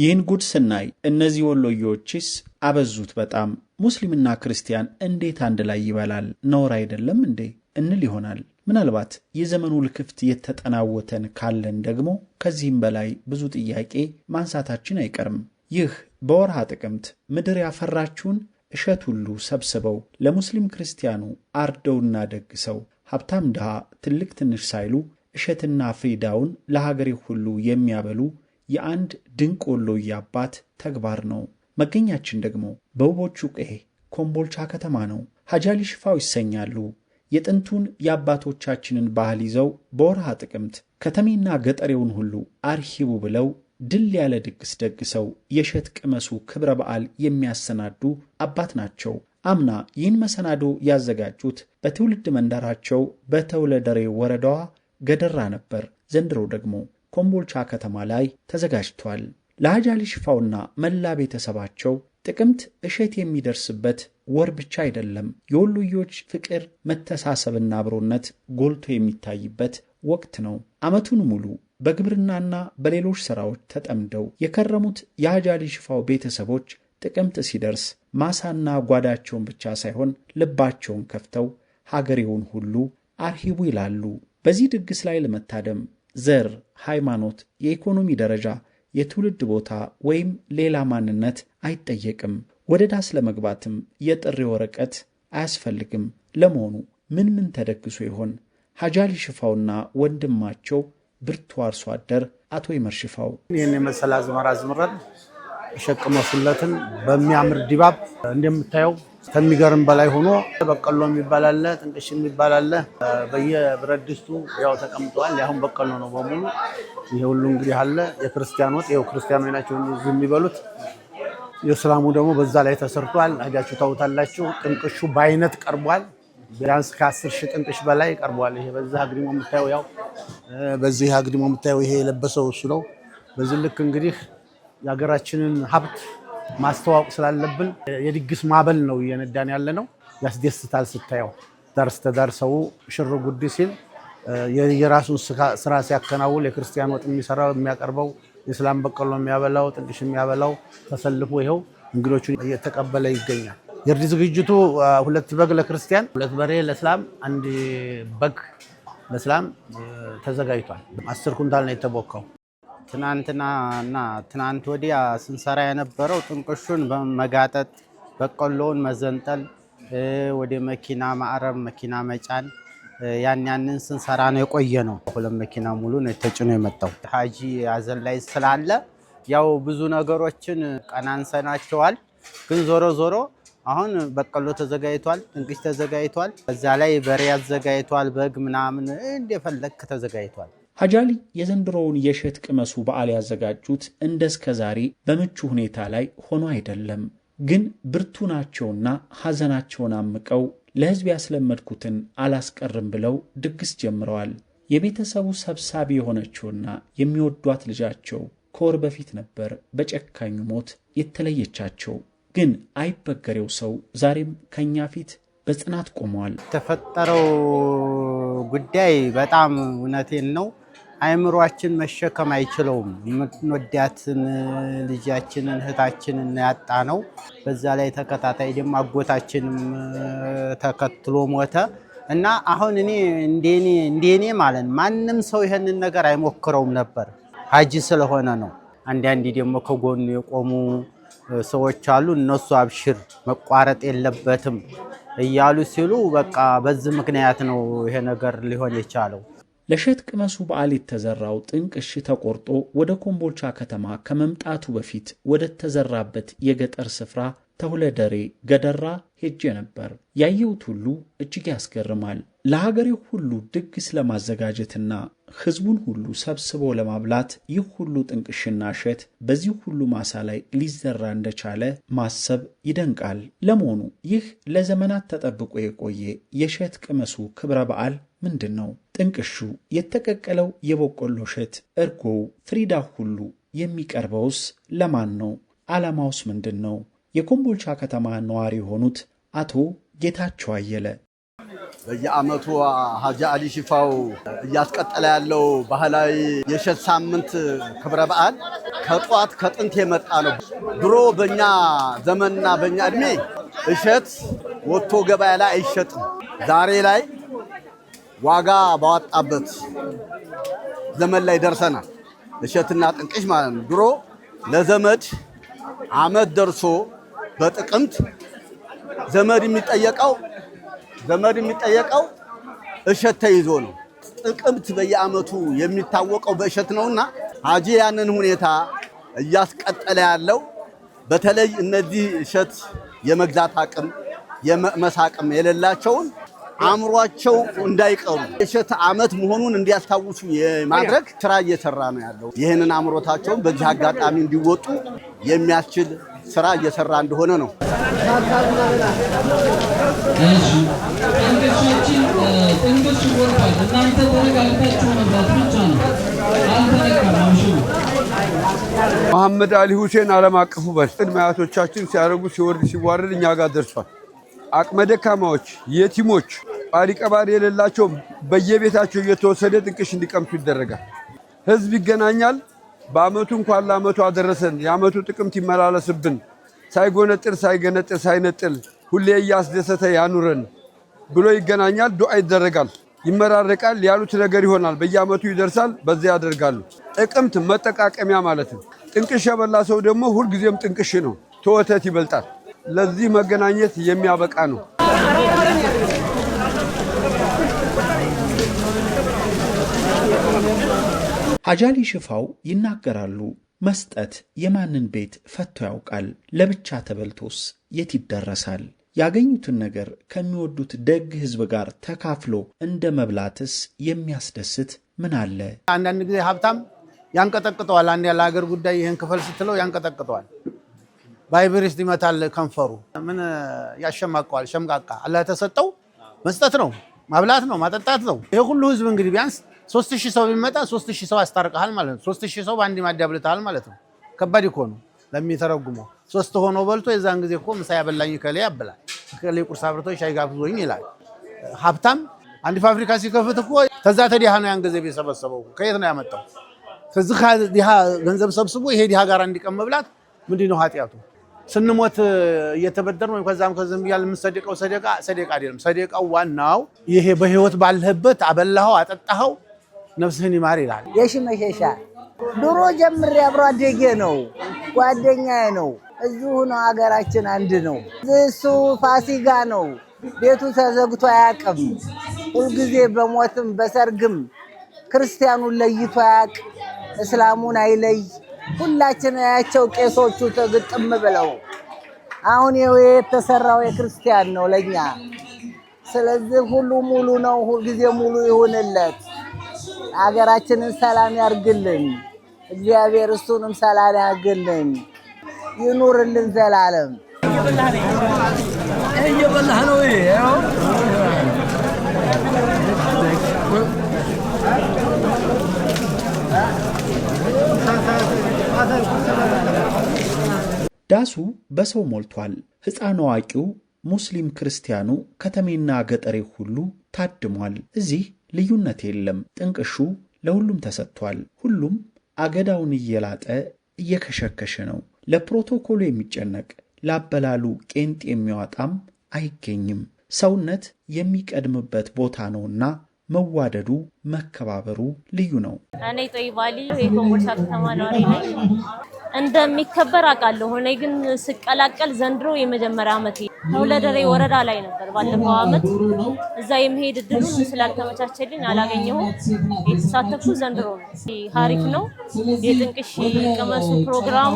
ይህን ጉድ ስናይ እነዚህ ወሎዮዎችስ አበዙት በጣም። ሙስሊምና ክርስቲያን እንዴት አንድ ላይ ይበላል? ነውር አይደለም እንዴ እንል ይሆናል። ምናልባት የዘመኑ ልክፍት የተጠናወተን ካለን ደግሞ ከዚህም በላይ ብዙ ጥያቄ ማንሳታችን አይቀርም። ይህ በወርሃ ጥቅምት ምድር ያፈራችውን እሸት ሁሉ ሰብስበው ለሙስሊም ክርስቲያኑ አርደውና ደግሰው ሀብታም ድሃ፣ ትልቅ ትንሽ ሳይሉ እሸትና ፍሪዳውን ለሀገሬ ሁሉ የሚያበሉ የአንድ ድንቅ ወሎዬ አባት ተግባር ነው። መገኛችን ደግሞ በውቦቹ ቀሄ ኮምቦልቻ ከተማ ነው። ሀጃሊ ሽፋው ይሰኛሉ። የጥንቱን የአባቶቻችንን ባህል ይዘው በወርሃ ጥቅምት ከተሜና ገጠሬውን ሁሉ አርሂቡ ብለው ድል ያለ ድግስ ደግሰው የሸት ቅመሱ ክብረ በዓል የሚያሰናዱ አባት ናቸው። አምና ይህን መሰናዶ ያዘጋጁት በትውልድ መንደራቸው በተውለደሬ ወረዳዋ ገደራ ነበር። ዘንድሮ ደግሞ ኮምቦልቻ ከተማ ላይ ተዘጋጅቷል። ለአጃሊ ሽፋውና መላ ቤተሰባቸው ጥቅምት እሸት የሚደርስበት ወር ብቻ አይደለም፣ የወሎዮች ፍቅር መተሳሰብና አብሮነት ጎልቶ የሚታይበት ወቅት ነው። ዓመቱን ሙሉ በግብርናና በሌሎች ሥራዎች ተጠምደው የከረሙት የአጃሊ ሽፋው ቤተሰቦች ጥቅምት ሲደርስ ማሳና ጓዳቸውን ብቻ ሳይሆን ልባቸውን ከፍተው ሀገሬውን ሁሉ አርሂቡ ይላሉ። በዚህ ድግስ ላይ ለመታደም ዘር፣ ሃይማኖት፣ የኢኮኖሚ ደረጃ፣ የትውልድ ቦታ ወይም ሌላ ማንነት አይጠየቅም። ወደ ዳስ ለመግባትም የጥሪ ወረቀት አያስፈልግም። ለመሆኑ ምን ምን ተደግሶ ይሆን? ሀጃሊ ሽፋውና ወንድማቸው ብርቱ አርሶ አደር አቶ ይመር ሽፋው ይህን የመሰለ አዝመራ አዝምረን ሸቅመሱለትን በሚያምር ድባብ እንደምታየው ከሚገርም በላይ ሆኖ በቀሎ የሚባል አለ፣ ጥንቅሽ የሚባል አለ። በየብረት ድስቱ ያው ተቀምጠዋል። ያሁን በቀሎ ነው በሙሉ። ይሄ ሁሉ እንግዲህ አለ። የክርስቲያን ወጥ ያው ክርስቲያኖች ናቸው የሚበሉት። የእስላሙ ደግሞ በዛ ላይ ተሰርቷል። አጃችሁ ታውታላችሁ። ጥንቅሹ በአይነት ቀርቧል። ቢያንስ ከአስር ሺህ ጥንቅሽ በላይ ቀርቧል። ይሄ በዚህ አግድሞ የምታየው ያው በዚህ አግድሞ የምታየው ይሄ የለበሰው እሱ ነው። በዚህ ልክ እንግዲህ የሀገራችንን ሀብት ማስተዋወቅ ስላለብን የድግስ ማዕበል ነው እየነዳን ያለ ነው። ያስደስታል ስታየው ዳርስ ተዳር ሰው ሽር ጉድ ሲል የራሱን ስራ ሲያከናውል የክርስቲያን ወጥ የሚሰራው የሚያቀርበው፣ የስላም በቀሎ የሚያበላው፣ ጥንቅሽ የሚያበላው ተሰልፎ ይኸው እንግዶቹን እየተቀበለ ይገኛል። የእርድ ዝግጅቱ ሁለት በግ ለክርስቲያን፣ ሁለት በሬ ለስላም፣ አንድ በግ ለስላም ተዘጋጅቷል። አስር ኩንታል ነው የተቦካው። ትናንትና እና ትናንት ወዲያ ስንሰራ የነበረው ጥንቅሹን መጋጠጥ፣ በቆሎውን መዘንጠል፣ ወደ መኪና ማዕረብ፣ መኪና መጫን ያን ያንን ስንሰራ ነው የቆየ ነው። ሁለት መኪና ሙሉ ነው ተጭኖ የመጣው። ሀጂ አዘን ላይ ስላለ ያው ብዙ ነገሮችን ቀናንሰናቸዋል። ግን ዞሮ ዞሮ አሁን በቀሎ ተዘጋጅቷል፣ ጥንቅሽ ተዘጋጅቷል፣ እዛ ላይ በሬ አዘጋጅቷል፣ በግ ምናምን እንደፈለክ ተዘጋጅቷል። ሀጃሊ የዘንድሮውን የሸት ቅመሱ በዓል ያዘጋጁት እንደ እስከ ዛሬ በምቹ ሁኔታ ላይ ሆኖ አይደለም። ግን ብርቱ ናቸውና ሐዘናቸውን አምቀው ለሕዝብ ያስለመድኩትን አላስቀርም ብለው ድግስ ጀምረዋል። የቤተሰቡ ሰብሳቢ የሆነችውና የሚወዷት ልጃቸው ከወር በፊት ነበር በጨካኙ ሞት የተለየቻቸው። ግን አይበገሬው ሰው ዛሬም ከእኛ ፊት በጽናት ቆመዋል። የተፈጠረው ጉዳይ በጣም እውነቴን ነው አእምሯችን መሸከም አይችለውም። የምንወዳትን ልጃችንን እህታችንን ያጣ ነው። በዛ ላይ ተከታታይ ደግሞ አጎታችንም ተከትሎ ሞተ እና አሁን እኔ እንደኔ እንደኔ ማለት ማንም ሰው ይሄንን ነገር አይሞክረውም ነበር ሀጂ ስለሆነ ነው። አንዳንድ ደግሞ ከጎኑ የቆሙ ሰዎች አሉ። እነሱ አብሽር መቋረጥ የለበትም እያሉ ሲሉ በቃ በዚህ ምክንያት ነው ይሄ ነገር ሊሆን የቻለው። ለሸት ቅመሱ በዓል የተዘራው ጥንቅሽ ተቆርጦ ወደ ኮምቦልቻ ከተማ ከመምጣቱ በፊት ወደ ተዘራበት የገጠር ስፍራ ተሁለደሬ ገደራ ሄጄ ነበር። ያየሁት ሁሉ እጅግ ያስገርማል። ለሀገሬው ሁሉ ድግስ ለማዘጋጀትና ሕዝቡን ሁሉ ሰብስቦ ለማብላት ይህ ሁሉ ጥንቅሽና እሸት በዚህ ሁሉ ማሳ ላይ ሊዘራ እንደቻለ ማሰብ ይደንቃል። ለመሆኑ ይህ ለዘመናት ተጠብቆ የቆየ የእሸት ቅመሱ ክብረ በዓል ምንድን ነው? ጥንቅሹ፣ የተቀቀለው የበቆሎ እሸት፣ እርጎው፣ ፍሪዳ ሁሉ የሚቀርበውስ ለማን ነው? ዓላማውስ ምንድን ነው? የኮምቦልቻ ከተማ ነዋሪ የሆኑት አቶ ጌታቸው አየለ በየአመቱ ሀጂ አሊ ሽፋው እያስቀጠለ ያለው ባህላዊ የእሸት ሳምንት ክብረ በዓል ከጧት ከጥንት የመጣ ነው። ድሮ በኛ ዘመንና በኛ እድሜ እሸት ወጥቶ ገበያ ላይ አይሸጥም። ዛሬ ላይ ዋጋ ባወጣበት ዘመን ላይ ደርሰናል። እሸትና ጥንቅሽ ማለት ነው። ድሮ ለዘመድ አመት ደርሶ በጥቅምት ዘመድ የሚጠየቀው ዘመድ የሚጠየቀው እሸት ተይዞ ነው። ጥቅምት በየዓመቱ የሚታወቀው በእሸት ነውና ሀጂ ያንን ሁኔታ እያስቀጠለ ያለው በተለይ እነዚህ እሸት የመግዛት አቅም የመቅመስ አቅም የሌላቸውን አእምሯቸው እንዳይቀሩ የእሸት ዓመት መሆኑን እንዲያስታውሱ የማድረግ ስራ እየሰራ ነው ያለው። ይህንን አእምሮታቸውን በዚህ አጋጣሚ እንዲወጡ የሚያስችል ስራ እየሰራ እንደሆነ ነው። መሐመድ አሊ ሁሴን ዓለም አቀፉ በል ጥድ አያቶቻችን ሲያደርጉ ሲወርድ ሲዋረድ እኛ ጋር ደርሷል። አቅመ ደካማዎች፣ የቲሞች፣ ጧሪ ቀባሪ የሌላቸው በየቤታቸው እየተወሰደ ጥንቅሽ እንዲቀምሱ ይደረጋል። ህዝብ ይገናኛል። በአመቱ እንኳን ለአመቱ አደረሰን። የአመቱ ጥቅምት ይመላለስብን ሳይጎነጥል ሳይገነጥል ሳይነጥል ሁሌ እያስደሰተ ያኑረን ብሎ ይገናኛል፣ ዱዓ ይደረጋል፣ ይመራረቃል፣ ያሉት ነገር ይሆናል። በየአመቱ ይደርሳል፣ በዛ ያደርጋሉ። ጥቅምት መጠቃቀሚያ ማለት ነው። ጥንቅሽ የበላ ሰው ደግሞ ሁልጊዜም ጥንቅሽ ነው፣ ተወተት ይበልጣል። ለዚህ መገናኘት የሚያበቃ ነው። አጃሊ ሽፋው ይናገራሉ። መስጠት የማንን ቤት ፈቶ ያውቃል? ለብቻ ተበልቶስ የት ይደረሳል? ያገኙትን ነገር ከሚወዱት ደግ ሕዝብ ጋር ተካፍሎ እንደ መብላትስ የሚያስደስት ምን አለ? አንዳንድ ጊዜ ሀብታም ያንቀጠቅጠዋል። አንድ ያለ ሀገር ጉዳይ ይህን ክፈል ስትለው ያንቀጠቅጠዋል። ባይብሪስ ይመታል ከንፈሩ። ምን ያሸማቀዋል? ሸምቃቃ አላህ ተሰጠው መስጠት ነው ማብላት ነው ማጠጣት ነው። ይሄ ሁሉ ሕዝብ እንግዲህ ቢያንስ ሶስት ሺህ ሰው ቢመጣ ሶስት ሺህ ሰው ያስታርቀሃል ማለት ነው። ሶስት ሺህ ሰው በአንድ ማዳብልታል ማለት ነው። ከባድ እኮ ነው ለሚተረጉመው። ሶስት ሆኖ በልቶ የዛን ጊዜ እኮ ምሳ ያበላኝ ከሌ ያበላል ከሌ ቁርስ አብርቶ ሻይ ጋብዞኝ ይላል። ሀብታም አንድ ፋብሪካ ሲከፍት እኮ ከዛ ተዲሃ ነው ያን ጊዜ የሰበሰበው ከየት ነው ያመጣው? ከዚህ ዲሃ ገንዘብ ሰብስቦ ይሄ ዲሃ ጋር እንዲቀም መብላት ምንድን ነው ኃጢአቱ? ስንሞት እየተበደር ነው ከዛም ከዚህም እያልን የምንሰደቀው ሰደቃ ሰደቃ አይደለም። ሰደቃው ዋናው ይሄ በህይወት ባለህበት አበላኸው፣ አጠጣኸው ነፍስህን ይማር ይላል። የሺ መሸሻ ድሮ ጀምሬ አብሮ አደጌ ነው፣ ጓደኛዬ ነው። እዚሁ ነው፣ ሀገራችን አንድ ነው። እሱ ፋሲጋ ነው። ቤቱ ተዘግቶ አያውቅም። ሁልጊዜ በሞትም በሰርግም ክርስቲያኑን ለይቶ አያውቅ፣ እስላሙን አይለይ። ሁላችን ያቸው ቄሶቹ ተግጥም ብለው አሁን የተሰራው የክርስቲያን ነው ለኛ። ስለዚህ ሁሉ ሙሉ ነው። ሁልጊዜ ሙሉ ይሁንለት። አገራችንን ሰላም ያርግልን። እግዚአብሔር እሱንም ሰላም ያርግልን። ይኑርልን ዘላለም። እየበላህ ነው ዳሱ በሰው ሞልቷል። ሕፃን አዋቂው፣ ሙስሊም ክርስቲያኑ፣ ከተሜና ገጠሬ ሁሉ ታድሟል እዚህ ልዩነት የለም። ጥንቅሹ ለሁሉም ተሰጥቷል። ሁሉም አገዳውን እየላጠ እየከሸከሸ ነው። ለፕሮቶኮሉ የሚጨነቅ ላበላሉ ቄንጥ የሚያወጣም አይገኝም። ሰውነት የሚቀድምበት ቦታ ነውና መዋደዱ መከባበሩ ልዩ ነው። እኔ ጦይባሊ የኮምቦልቻ ከተማ ነዋሪ ነኝ። እንደሚከበር አውቃለሁ። እኔ ግን ስቀላቀል ዘንድሮ የመጀመሪያ ዓመት ተውለደሬ ወረዳ ላይ ነበር ባለፈው አመት። እዛ የመሄድ እድሉ ስላልተመቻቸልኝ አላገኘሁም። የተሳተፍኩ ዘንድሮ ነው። ሀሪፍ ነው የጥንቅሽ ቅመሱ ፕሮግራሙ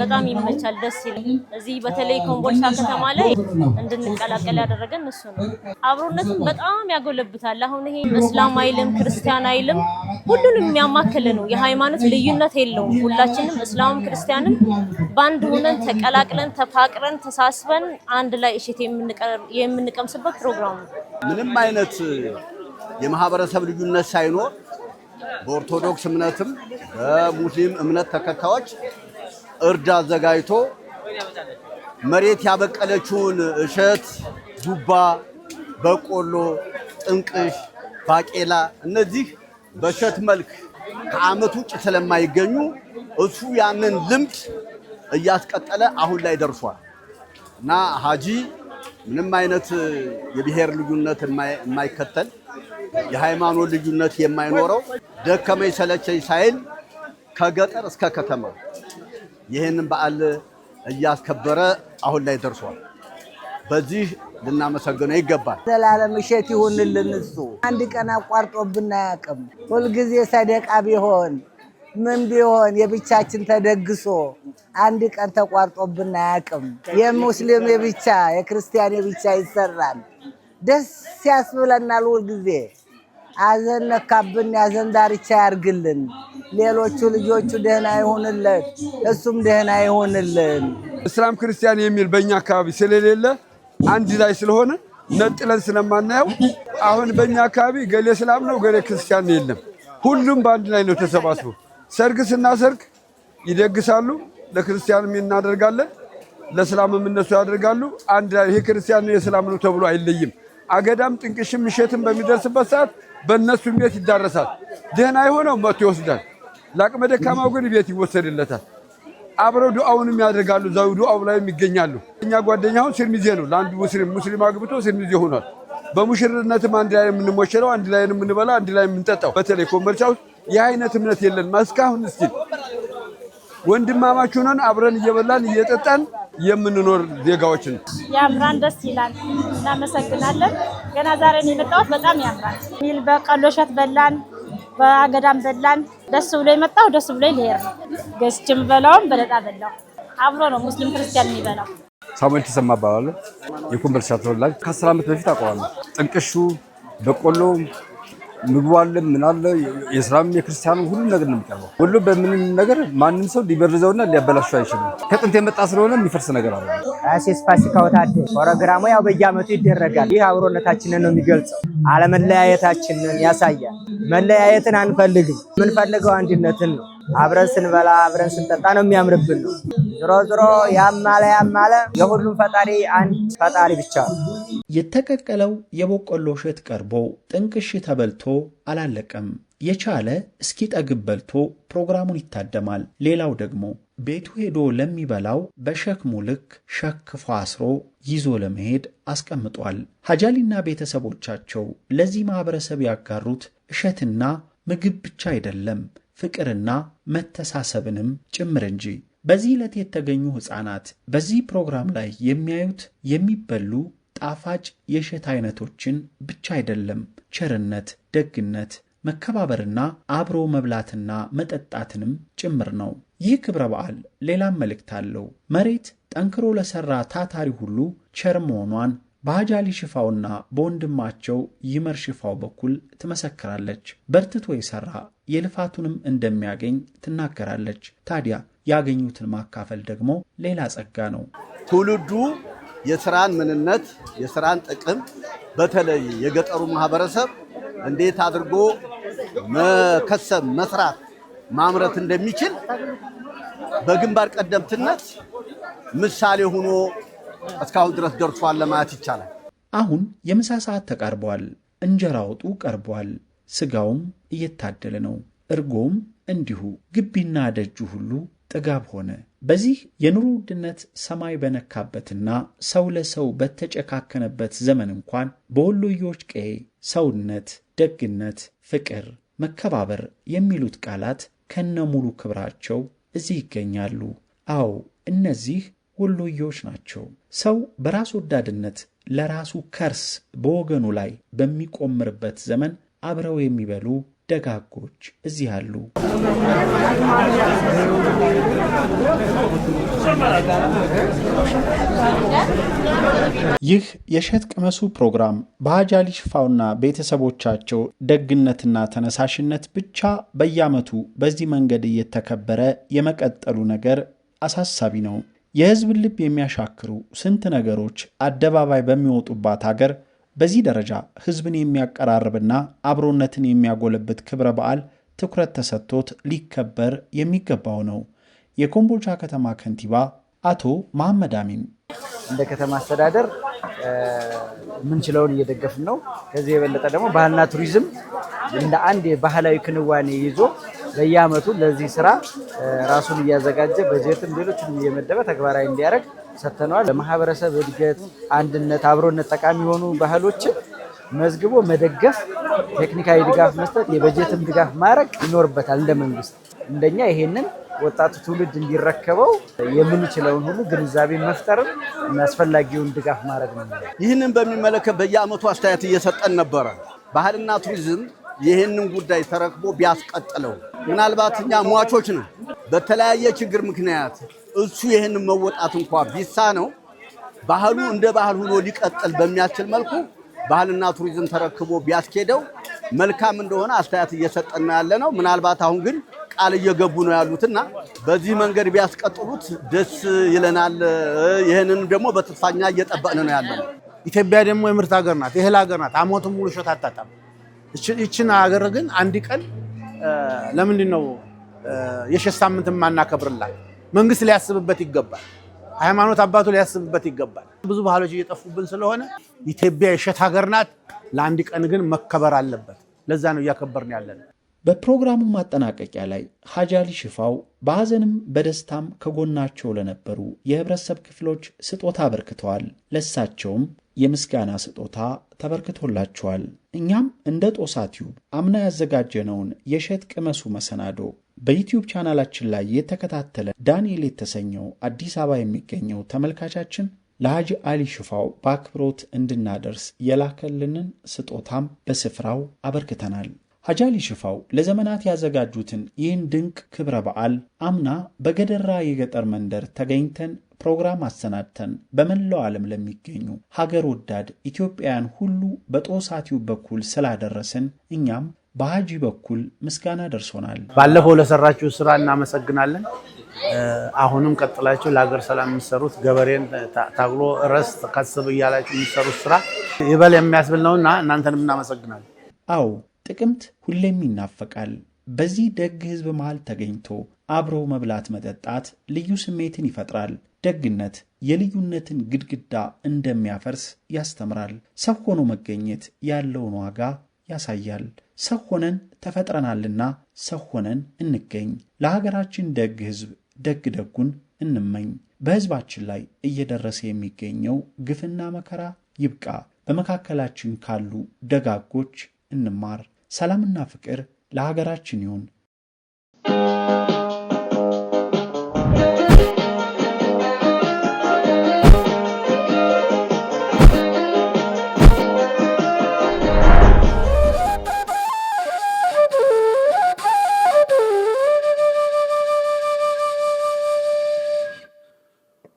በጣም ይመቻል፣ ደስ ይላል። እዚህ በተለይ ኮምቦልቻ ከተማ ላይ እንድንቀላቀል ያደረገን እሱ ነው። አብሮነትን በጣም ያጎለብታል። አሁን ይሄ እስላም አይልም ክርስቲያን አይልም፣ ሁሉንም የሚያማክል ነው። የሃይማኖት ልዩነት የለውም። ሁላችንም እስላምም ክርስቲያንም በአንድ ሆነን ተቀላቅለን ተፋቅረን ተሳስበን አንድ ላይ እሸት የምንቀምስበት ፕሮግራም ነው። ምንም አይነት የማህበረሰብ ልዩነት ሳይኖር በኦርቶዶክስ እምነትም በሙስሊም እምነት ተከታዮች እርድ አዘጋጅቶ መሬት ያበቀለችውን እሸት፣ ዱባ፣ በቆሎ፣ ጥንቅሽ፣ ባቄላ እነዚህ በእሸት መልክ ከዓመት ውጭ ስለማይገኙ እሱ ያንን ልምድ እያስቀጠለ አሁን ላይ ደርሷል። እና ሀጂ ምንም አይነት የብሔር ልዩነት የማይከተል የሃይማኖት ልዩነት የማይኖረው ደከመኝ ሰለቸኝ ሳይል ከገጠር እስከ ከተማ ይህንን በዓል እያስከበረ አሁን ላይ ደርሷል። በዚህ ልናመሰግነው ይገባል። ዘላለም እሸት ይሁንልን። እሱ አንድ ቀን አቋርጦብን አያውቅም። ሁልጊዜ ሰደቃ ቢሆን ምን ቢሆን የብቻችን ተደግሶ አንድ ቀን ተቋርጦብን አያውቅም። የሙስሊም የብቻ የክርስቲያን የብቻ ይሰራል። ደስ ያስብለናል ሁልጊዜ። አዘን ነካብን፣ ያዘን ዳርቻ ያርግልን። ሌሎቹ ልጆቹ ደህና ይሆንለት፣ እሱም ደህና ይሆንልን። እስላም ክርስቲያን የሚል በእኛ አካባቢ ስለሌለ አንድ ላይ ስለሆነ ነጥለን ስለማናየው አሁን በእኛ አካባቢ ገሌ እስላም ነው ገሌ ክርስቲያን የለም። ሁሉም በአንድ ላይ ነው ተሰባስቦ ሰርግ ስናሰርግ ይደግሳሉ። ለክርስቲያንም እናደርጋለን፣ ለስላምም እነሱ ያደርጋሉ። አንድ ይሄ ክርስቲያን ነው የስላም ነው ተብሎ አይለይም። አገዳም ጥንቅሽም እሸትም በሚደርስበት ሰዓት በእነሱ ቤት ይዳረሳል። ደህና የሆነው መቶ ይወስዳል። ለአቅመ ደካማው ግን ቤት ይወሰድለታል። አብረው ዱአውንም ያደርጋሉ። እዛው ዱአው ላይም ይገኛሉ። እኛ ጓደኛ አሁን ነው። ለአንድ ሙስሊም ሙስሊም አግብቶ ስርሚዜ ሆኗል። በሙሽርነትም አንድ ላይ የምንሞሸረው፣ አንድ ላይ የምንበላ፣ አንድ ላይ የምንጠጣው በተለይ ኮምቦልቻ ውስጥ የአይነት እምነት የለንም። እስካሁን እስኪ ወንድማማች ሆነን አብረን እየበላን እየጠጣን የምንኖር ዜጋዎችን ያምራን፣ ደስ ይላል። እናመሰግናለን። ገና ዛሬ ነው የመጣሁት። በጣም ያምራል ሚል በቀሎ እሸት በላን፣ በአገዳም በላን። ደስ ብሎ የመጣሁ ደስ ብሎ ልሄድ ነው። ገዝቼም በላውም በለጣ በላው። አብሮ ነው ሙስሊም ክርስቲያን የሚበላው። ሳሙኤል ተሰማ እባላለሁ። የኮምቦልቻ ተወላጅ ከአስር ዓመት በፊት አቋዋለሁ። ጥንቅሹ በቆሎ ምግቡ አለ ምን አለ የስራም የክርስቲያኑ ሁሉ ነገር ነው የሚቀርበው። ወሎ በምንም ነገር ማንም ሰው ሊበርዘውና ሊያበላሹ አይችልም። ከጥንት የመጣ ስለሆነ የሚፈርስ ነገር አለ። ቀሲስ ፋሲካው ፕሮግራሙ ያው በየአመቱ ይደረጋል። ይህ አብሮነታችንን ነው የሚገልጸው፣ አለመለያየታችንን ያሳያል። መለያየትን አንፈልግም፣ የምንፈልገው አንድነትን ነው። አብረን ስንበላ አብረን ስንጠጣ ነው የሚያምርብን ነው። ዞሮ ዞሮ ያማለ ያማለ የሁሉም ፈጣሪ አንድ ፈጣሪ ብቻ ነው። የተቀቀለው የበቆሎ እሸት ቀርቦ ጥንቅሽ ተበልቶ አላለቀም። የቻለ እስኪጠግብ በልቶ ፕሮግራሙን ይታደማል። ሌላው ደግሞ ቤቱ ሄዶ ለሚበላው በሸክሙ ልክ ሸክፎ አስሮ ይዞ ለመሄድ አስቀምጧል። ሀጃሊና ቤተሰቦቻቸው ለዚህ ማኅበረሰብ ያጋሩት እሸትና ምግብ ብቻ አይደለም ፍቅርና መተሳሰብንም ጭምር እንጂ። በዚህ ዕለት የተገኙ ሕፃናት በዚህ ፕሮግራም ላይ የሚያዩት የሚበሉ ጣፋጭ የሸት አይነቶችን ብቻ አይደለም። ቸርነት፣ ደግነት፣ መከባበርና አብሮ መብላትና መጠጣትንም ጭምር ነው። ይህ ክብረ በዓል ሌላም መልእክት አለው። መሬት ጠንክሮ ለሠራ ታታሪ ሁሉ ቸር መሆኗን በሐጂ ሽፋውና በወንድማቸው ይመር ሽፋው በኩል ትመሰክራለች። በርትቶ የሠራ የልፋቱንም እንደሚያገኝ ትናገራለች። ታዲያ ያገኙትን ማካፈል ደግሞ ሌላ ጸጋ ነው። ትውልዱ የስራን ምንነት፣ የስራን ጥቅም በተለይ የገጠሩ ማህበረሰብ እንዴት አድርጎ መከሰብ፣ መስራት፣ ማምረት እንደሚችል በግንባር ቀደምትነት ምሳሌ ሆኖ እስካሁን ድረስ ደርሷል ለማለት ይቻላል። አሁን የምሳ ሰዓት ተቃርቧል። እንጀራ ወጡ ቀርቧል። ስጋውም እየታደለ ነው። እርጎም እንዲሁ ግቢና ደጁ ሁሉ ጥጋብ ሆነ። በዚህ የኑሮ ውድነት ሰማይ በነካበትና ሰው ለሰው በተጨካከነበት ዘመን እንኳን በወሎዮች ቀዬ ሰውነት፣ ደግነት፣ ፍቅር፣ መከባበር የሚሉት ቃላት ከነ ሙሉ ክብራቸው እዚህ ይገኛሉ። አዎ እነዚህ ወሎዮች ናቸው። ሰው በራስ ወዳድነት ለራሱ ከርስ በወገኑ ላይ በሚቆምርበት ዘመን አብረው የሚበሉ ደጋጎች እዚህ አሉ። ይህ የሸት ቅመሱ ፕሮግራም በሀጂ አሊ ሽፋውና ቤተሰቦቻቸው ደግነትና ተነሳሽነት ብቻ በየዓመቱ በዚህ መንገድ እየተከበረ የመቀጠሉ ነገር አሳሳቢ ነው። የህዝብን ልብ የሚያሻክሩ ስንት ነገሮች አደባባይ በሚወጡባት አገር በዚህ ደረጃ ህዝብን የሚያቀራርብና አብሮነትን የሚያጎለብት ክብረ በዓል ትኩረት ተሰጥቶት ሊከበር የሚገባው ነው። የኮምቦልቻ ከተማ ከንቲባ አቶ መሐመድ አሚን እንደ ከተማ አስተዳደር የምንችለውን እየደገፍን ነው። ከዚህ የበለጠ ደግሞ ባህልና ቱሪዝም እንደ አንድ የባህላዊ ክንዋኔ ይዞ በየአመቱ ለዚህ ስራ ራሱን እያዘጋጀ በጀትም ሌሎችንም እየመደበ ተግባራዊ እንዲያደርግ ሰጥተነዋል። ለማህበረሰብ እድገት፣ አንድነት፣ አብሮነት ጠቃሚ የሆኑ ባህሎችን መዝግቦ መደገፍ፣ ቴክኒካዊ ድጋፍ መስጠት፣ የበጀትም ድጋፍ ማድረግ ይኖርበታል። እንደ መንግስት እንደኛ ይሄንን ወጣቱ ትውልድ እንዲረከበው የምንችለውን ሁሉ ግንዛቤ መፍጠርም አስፈላጊውን ድጋፍ ማድረግ ነው። ይህንን በሚመለከት በየአመቱ አስተያየት እየሰጠን ነበረ። ባህልና ቱሪዝም ይህንን ጉዳይ ተረክቦ ቢያስቀጥለው ምናልባት እኛ ሟቾች ነው። በተለያየ ችግር ምክንያት እሱ ይህንን መወጣት እንኳ ቢሳ ነው ባህሉ እንደ ባህል ሆኖ ሊቀጥል በሚያስችል መልኩ ባህልና ቱሪዝም ተረክቦ ቢያስኬደው መልካም እንደሆነ አስተያየት እየሰጠን ነው ያለ ነው። ምናልባት አሁን ግን ቃል እየገቡ ነው ያሉትና በዚህ መንገድ ቢያስቀጥሉት ደስ ይለናል። ይህንን ደግሞ በተስፋኛ እየጠበቅን ነው ያለ ነው። ኢትዮጵያ ደግሞ የምርት ሀገር ናት፣ የእህል ሀገር ናት። አመቱን ሙሉ እሸት አታጣም። ይችን ሀገር ግን አንድ ቀን ለምንድን ነው የሸት ሳምንት የማናከብርላት? መንግስት ሊያስብበት ይገባል። ሃይማኖት አባቱ ሊያስብበት ይገባል። ብዙ ባህሎች እየጠፉብን ስለሆነ ኢትዮጵያ የሸት ሀገር ናት። ለአንድ ቀን ግን መከበር አለበት። ለዛ ነው እያከበርን ያለን። በፕሮግራሙ ማጠናቀቂያ ላይ ሀጃሊ አሊ ሽፋው በሐዘንም በደስታም ከጎናቸው ለነበሩ የህብረተሰብ ክፍሎች ስጦታ አበርክተዋል። ለሳቸውም የምስጋና ስጦታ ተበርክቶላቸዋል። እኛም እንደ ጦሳ ቲዩብ አምና ያዘጋጀነውን የሸት ቅመሱ መሰናዶ በዩትዩብ ቻናላችን ላይ የተከታተለ ዳንኤል የተሰኘው አዲስ አበባ የሚገኘው ተመልካቻችን ለሐጂ አሊ ሽፋው በአክብሮት እንድናደርስ የላከልንን ስጦታም በስፍራው አበርክተናል። ሐጂ አሊ ሽፋው ለዘመናት ያዘጋጁትን ይህን ድንቅ ክብረ በዓል አምና በገደራ የገጠር መንደር ተገኝተን ፕሮግራም አሰናድተን በመላው ዓለም ለሚገኙ ሀገር ወዳድ ኢትዮጵያውያን ሁሉ በጦሳቲው በኩል ስላደረስን እኛም በሀጂ በኩል ምስጋና ደርሶናል። ባለፈው ለሰራችሁ ስራ እናመሰግናለን። አሁንም ቀጥላችሁ ለሀገር ሰላም የሚሰሩት ገበሬን ታግሎ እረስት ከስብ እያላችሁ የሚሰሩት ስራ ይበል የሚያስብል ነውና እናንተንም እናመሰግናለን። አዎ ጥቅምት ሁሌም ይናፈቃል። በዚህ ደግ ህዝብ መሃል ተገኝቶ አብሮ መብላት መጠጣት ልዩ ስሜትን ይፈጥራል። ደግነት የልዩነትን ግድግዳ እንደሚያፈርስ ያስተምራል። ሰው ሆኖ መገኘት ያለውን ዋጋ ያሳያል። ሰው ሆነን ተፈጥረናልና ሰው ሆነን እንገኝ። ለሀገራችን ደግ ሕዝብ ደግ ደጉን እንመኝ። በሕዝባችን ላይ እየደረሰ የሚገኘው ግፍና መከራ ይብቃ። በመካከላችን ካሉ ደጋጎች እንማር። ሰላምና ፍቅር ለሀገራችን ይሁን።